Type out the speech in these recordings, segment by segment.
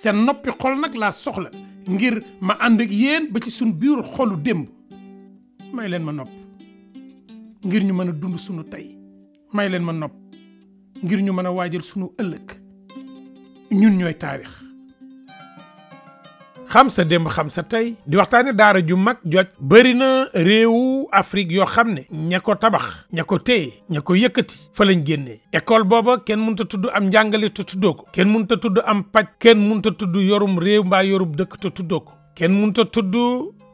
seen noppi xol nag laa soxla ngir ma ànd ak yéen ba ci suñ biir xolu démb may leen ma nopp ngir ñu mën a dund sunu tey may leen ma nopp ngir ñu mën a waajal sunu ëllëg ñun ñooy taarix xam sa démb xam sa tey di waxtaane daara ju mag jot bëri na réewu Afrique yoo xam ne ña ko tabax ña ko téye ña ko yëkkati fa lañ génnee école booba kenn mënut a tudd am njàngale te tuddoo ko kenn mënut a tudd am paj kenn mënut tudd yorum réew mbaa yorum dëkk te kenn mënut a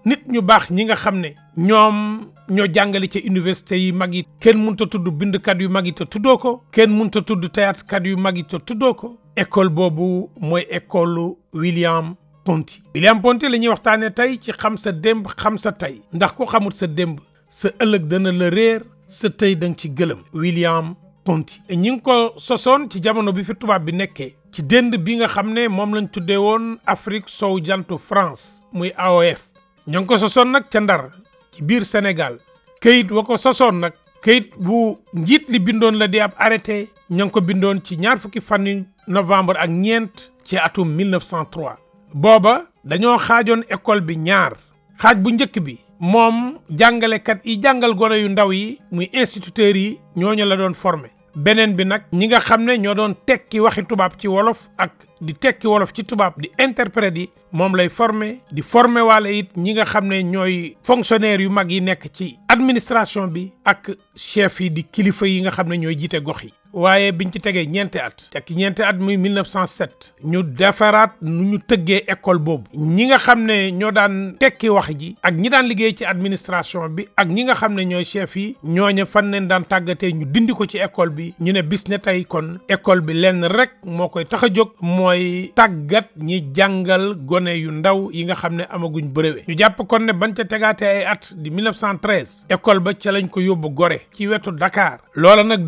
nit ñu baax ñi nga xam ne ñoom ñoo jàngale ci université yi mag yi kenn mun ta tudd bindkat yu mag yi te tuddoo ko kenn mënut a tudd théâtre kat yu mag yi tuddoo ko école boobu mooy école William Ponti William Ponti la ñuy waxtaanee tey ci xam sa démb xam sa tey ndax ko xamul sa démb sa ëllëg dana la réer sa tey da ci gëlëm William Ponti ñi ngi ko sosoon ci jamono bi fi tubaab bi nekkee ci dënd bi nga xam ne moom lañ tuddee woon Afrique sow jantu France muy AOF ñoo ngi ko sosoon nag ca Ndar ci biir Sénégal këyit wa ko sosoon nag këyit bu njiit li bindoon la di ab arrêté ñoo ngi ko bindoon ci ñaar fukki fan novembre ak ñeent ci atum 1903 booba dañoo xaajoon école bi ñaar xaaj bu njëkk bi moom jàngalekat yi jàngal gone yu ndaw yi muy instituteurs yi ñooñu la doon formé beneen bi nag ñi nga xam ne ñoo doon tekki waxi tubaab ci wolof ak di tekki wolof ci tubaab di interprète yi moom lay formé di formé waale it ñi nga xam ne ñooy fonctionnaire yu mag yi nekk ci administration bi ak chef yi di kilifa yi nga xam ne ñooy jiite gox yi waaye biñ ci tegee ñeenti at tekki ñeenti at muy 1907 ñu defaraat nu ñu tëggee école boobu ñi nga xam ne ñoo daan tekki wax ji ak ñi daan liggéey ci administration bi ak ñi nga xam ne ñooy chef yi ñooñu fan leen daan tàggatee ñu dindi ko ci école bi ñu ne bis tey kon école bi lenn rek moo koy tax a jóg mooy tàggat ñi jàngal gone yu ndaw yi nga xam ne amaguñ brevet ñu jàpp kon ne bañ ca tegaatee ay at di 1913 école ba ca lañ ko yóbbu gore ci wetu Dakar loola nag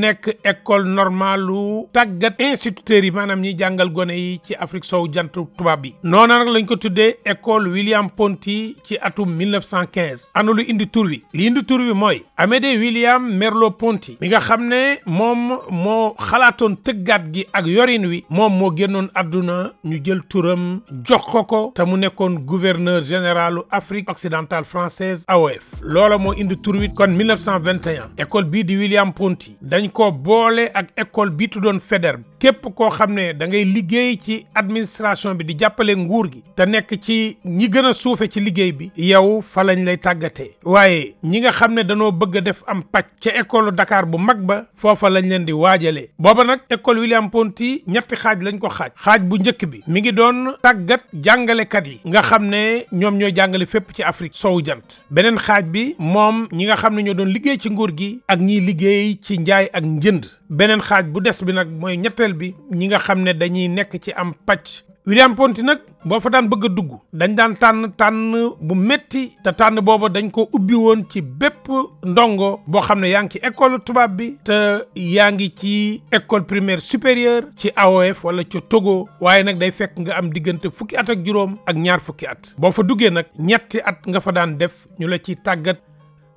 nekk école normale lu tàggat instituteurs yi maanaam ñiy jàngal gone yi ci Afrique sow jant tubaab bi noona nag lañ ko tuddee école William Ponty ci atum 1915 anu lu indi tur wi li indi tur mooy mooy Amédée William Merleau Ponty mi nga xam ne moom moo xalaatoon tëggaat gi ak yorin wi moom moo génnoon adduna ñu jël turam jox ko ko te mu nekkoon gouverneur généralu Afrique occidentale française AOF loola moo indi tur wi kon 1921 école bii di William Ponty dañ dañ ko boole ak école bi doon FEDER képp koo xam ne da ngay liggéey ci administration bi di jàppale nguur gi te nekk ci ñi gën a suufe ci liggéey bi yow fa lañ lay tàggatee waaye ñi nga xam ne danoo bëgg a def am pàcc ca école Dakar bu mag ba foofa lañ leen di waajale booba nag école William Ponty ñetti xaaj lañ ko xaaj xaaj bu njëkk bi mi ngi doon tàggat jàngalekat yi nga xam ne ñoom ñooy jàngale fépp ci Afrique sow jant beneen xaaj bi moom ñi nga xam ne ñoo doon liggéey ci nguur gi ak njënd beneen xaaj bu des bi nag mooy ñetteel bi ñi nga xam ne dañuy nekk ci am pàcc William Ponty nag boo fa daan bëgg a dugg dañ daan tànn tànn bu métti te tànn booba dañ ko ubbi woon ci bépp ndongo boo xam ne yaa ngi ci école tubaab bi te yaa ngi ci école primaire supérieure ci AOF wala ci Togo waaye nag day fekk nga am diggante fukki at ak juróom ak ñaar fukki at boo fa duggee nag ñetti at nga fa daan def ñu la ci tàggat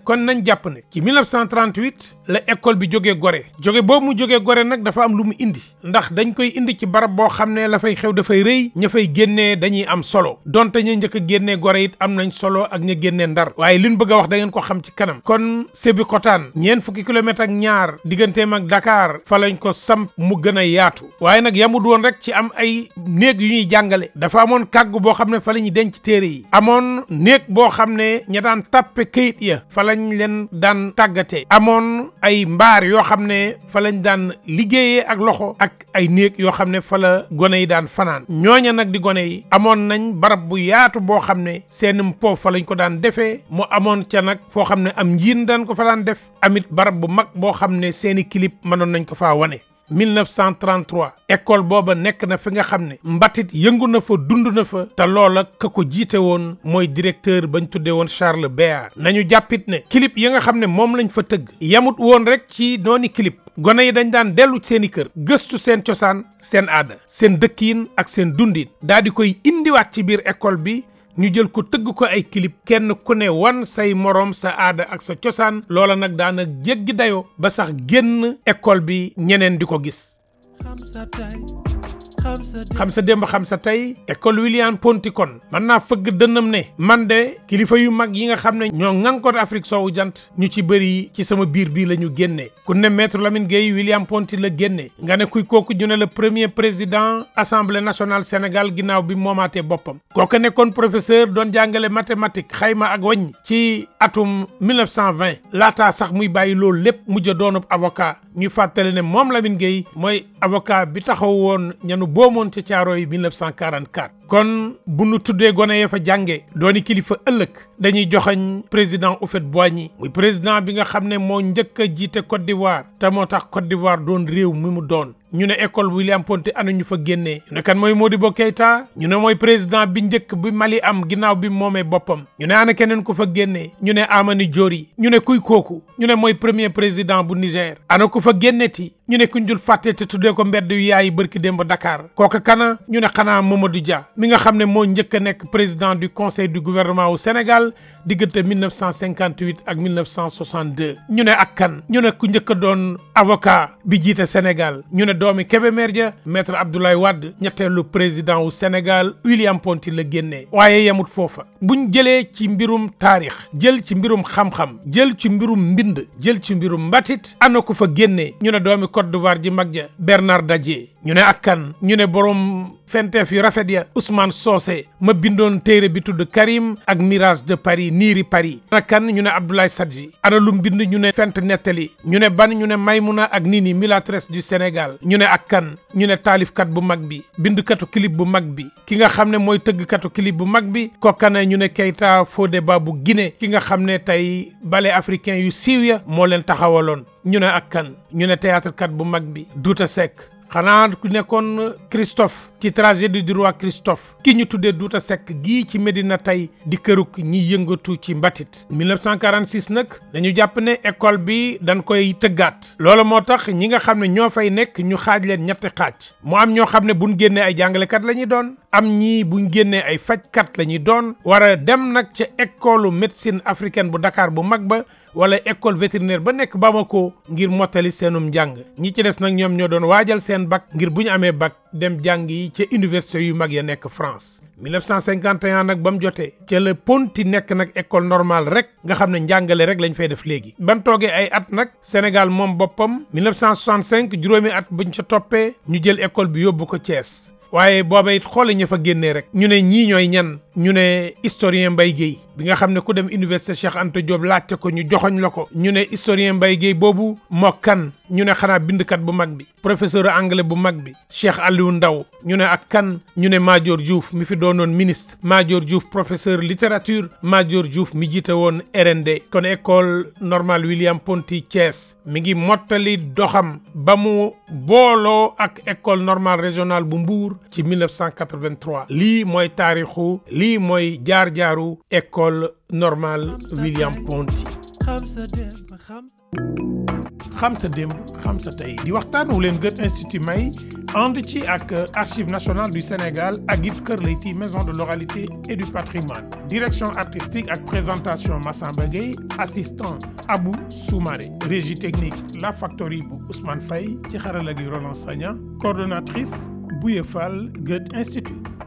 kon nañ jàpp ne ci 1938 la école bi jógee Gorée jóge boobu mu jógee gore nag dafa am lu mu indi ndax dañ koy indi ci barab boo xam ne la fay xew dafay rëy ña fay génnee dañuy am solo donte ña njëkk a génnee Gorée it am nañ solo ak ña génnee Ndar waaye li ñu bëgg a wax da ngeen ko xam ci kanam kon Sébikotane ñeen fukki kilomètre ak ñaar digganteem ak Dakar fa lañ ko samp mu gën a yaatu waaye nag yamut woon rek ci am ay néeg yu ñuy jàngale dafa amoon kàgg boo xam ne fa la ñuy denc téere yi amoon néeg boo xam ne ña daan tàppe lañ leen daan tàggatee amoon ay mbaar yoo xam ne fa lañ daan liggéeyee ak loxo ak ay néeg yoo xam ne fala la gone yi daan fanaan ñooña nag di gone yi amoon nañ barab bu yaatu boo xam ne seeni po fa lañ ko daan defee mu amoon ca nag foo xam ne am njiin daan ko fa daan def amit barab bu mag boo xam ne seeni kilip mënoon nañ ko fa wane 1933 école booba nekk na fi nga xam ne mbatit yëngu na fa dund na fa te loola ka ko jiite woon mooy directeur bañ tuddee woon Charles Béard nañu jàppit ne clip yi nga xam ne moom lañ fa tëgg yamut woon rek ci nooni clip gone yi dañ daan dellu seen i kër gëstu seen cosaan seen aada seen dëkk dëkkiin ak seen dundin daa di koy indiwaat ci biir école bi ñu jël ko tëgg ko ay clip kenn ku ne wan say moroom sa aada ak sa cosaan loola nag daana jéggi dayoo ba sax génn école bi ñeneen di ko gis. xam sa démb xam sa tey école William Ponticon mën naa fëgg dënnam ne man de kilifa yu mag yi nga xam ne ñoo ŋànkoon Afrique soowu jant ñu ci bëri ci sama biir bii la ñu génnee ku ne maître Lamine Gueye William Ponty la génne nga ne kuy kooku ñu ne la premier président assemblée nationale Sénégal ginnaaw bi moomaatee boppam kooku nekkoon professeur doon jàngale mathématique xayma ak wañ ci atum 1920 laataa sax muy bàyyi loolu lépp mujj doonub avocat ñu fàttale ne moom Lamine Gueye boo moon ca caaro yi 1944 kon bu nu tuddee gone ya fa jànge dooni kilifa ëllëg dañuy joxañ président Houphouët-Boigny muy président bi nga xam ne moo njëkk a jiite Côte d'Ivoire te moo tax Côte voir doon réew mi mu doon ñu ne école William Ponty ana ñu fa génnee ñu ne kan mooy Modibo Keïta ñu ne mooy président bi njëkk bi Mali am ginnaaw bi moomee boppam ñu ne ana keneen ku fa génnee ñu ne Amani Diori ñu ne kuy kooku ñu ne mooy premier président bu Niger ana ku fa génneti ñu ne kuñ dul te tuddee ko mbedd yu yaay bërki démb Dakar kooka kana ñu ne xanaa Mamadou Dia mi nga xam ne moo njëkk a nekk président du conseil du gouvernement au Sénégal diggante 1958 ak 1962. ñu ne ak kan ñu ne ku njëkk a doon avocat bi jiite Sénégal ñu ne doomi Kébémer ja maître Abdoulaye wadd ñetteelu président wu Sénégal William Ponty la génnee waaye yemut foofa buñ jëlee ci mbirum taarix jël ci mbirum xam-xam jël ci mbirum mbind jël ci mbirum mbatit ana ku fa génnee ñu ne doomi Côte d'Ivoire ji mag ja Bernard Dadier ñu ne ak ñu ne borom. fenteef yu rafet ya Ousmane soose ma bindoon téere bi tudd Karim ak Mirage de Paris niiri Paris ana kan ñu ne Abdoulaye Sadji ana lu mbind ñu ne fent nettali ñu ne ban ñu ne Maymuna ak Nini mulâtresse du Sénégal ñu ne ak kan ñu ne taalifkat bu mag bi bindkatu clip bu mag bi ki nga xam ne mooy tëggkatu clip bu mag bi kokkane ñu ne foode Fodéba bu gine ki nga xam ne tey ballet africain yu siiw ya moo leen taxawaloon ñu ne ak kan ñu ne théâtre kat bu mag bi Douta Seck xanaa ku nekkoon Christophe ci tragédie du roi Christophe ki ñu tuddee Douta Seck gii ci Medina tey di këruk ñi yëngatu ci mbatit 1946 nag dañu jàpp ne école bi dañ koy tëggaat loolu moo tax ñi nga xam ne ñoo fay nekk ñu xaaj leen ñetti xaaj moo am ñoo xam ne buñ génnee ay jàngalekat la ñuy doon am ñii buñ génnee ay fajkat la ñuy doon war a dem nag ca école médecine africaine bu Dakar bu mag ba wala école vétérinaire ba nekk ko ngir mottali seenum njàng ñi ci des nag ñoom ñoo doon waajal seen bag ngir bu ñu amee bac dem jàng yi ca université yu mag ya nekk France 1951 nag ba mu jotee ca la Ponti nekk nag école normale rek nga xam ne njàngale rek lañ fay def léegi ban toogee ay at nag Sénégal moom boppam 1965 juróomi at buñ ca toppee ñu jël école bi yóbbu ko Thiès waaye booba it xoole ña fa génnee rek ñu ne ñii ñooy ñan ñu ne historien Mbaye Guèye bi nga xam ne ku dem université Cheikh Anta Diop laajte ko ñu joxoñ la ko ñu ne historien Mbaye Guèye boobu moo kan ñu ne xanaa bindkat bu mag bi professeur anglais bu mag bi Cheikh Aliou Ndaw ñu ne ak kan ñu ne Madior Diouf mi fi doonoon ministre Madior Diouf professeur littérature Madior Diouf mi jiite woon RND kon école normale William Ponty Thiès mi ngi mottali doxam ba mu booloo ak école normal régional bu mbuur ci 1983 lii mooy taarixu lii mooy jaar-jaaru école école normale William Ponty xam sa démb xam sa tey di waxtaan wu leen Goethe Institut may ànd ci ak Archives nationales du Sénégal ak it Kër Leyti maison de l'oralité et du patrimoine direction artistique ak présentation massan Gueye assistant Abou Soumaré régie technique La Factory bu Ousmane Faye ci xarala gi Roland Sagna coordonnatrice Goethe Institut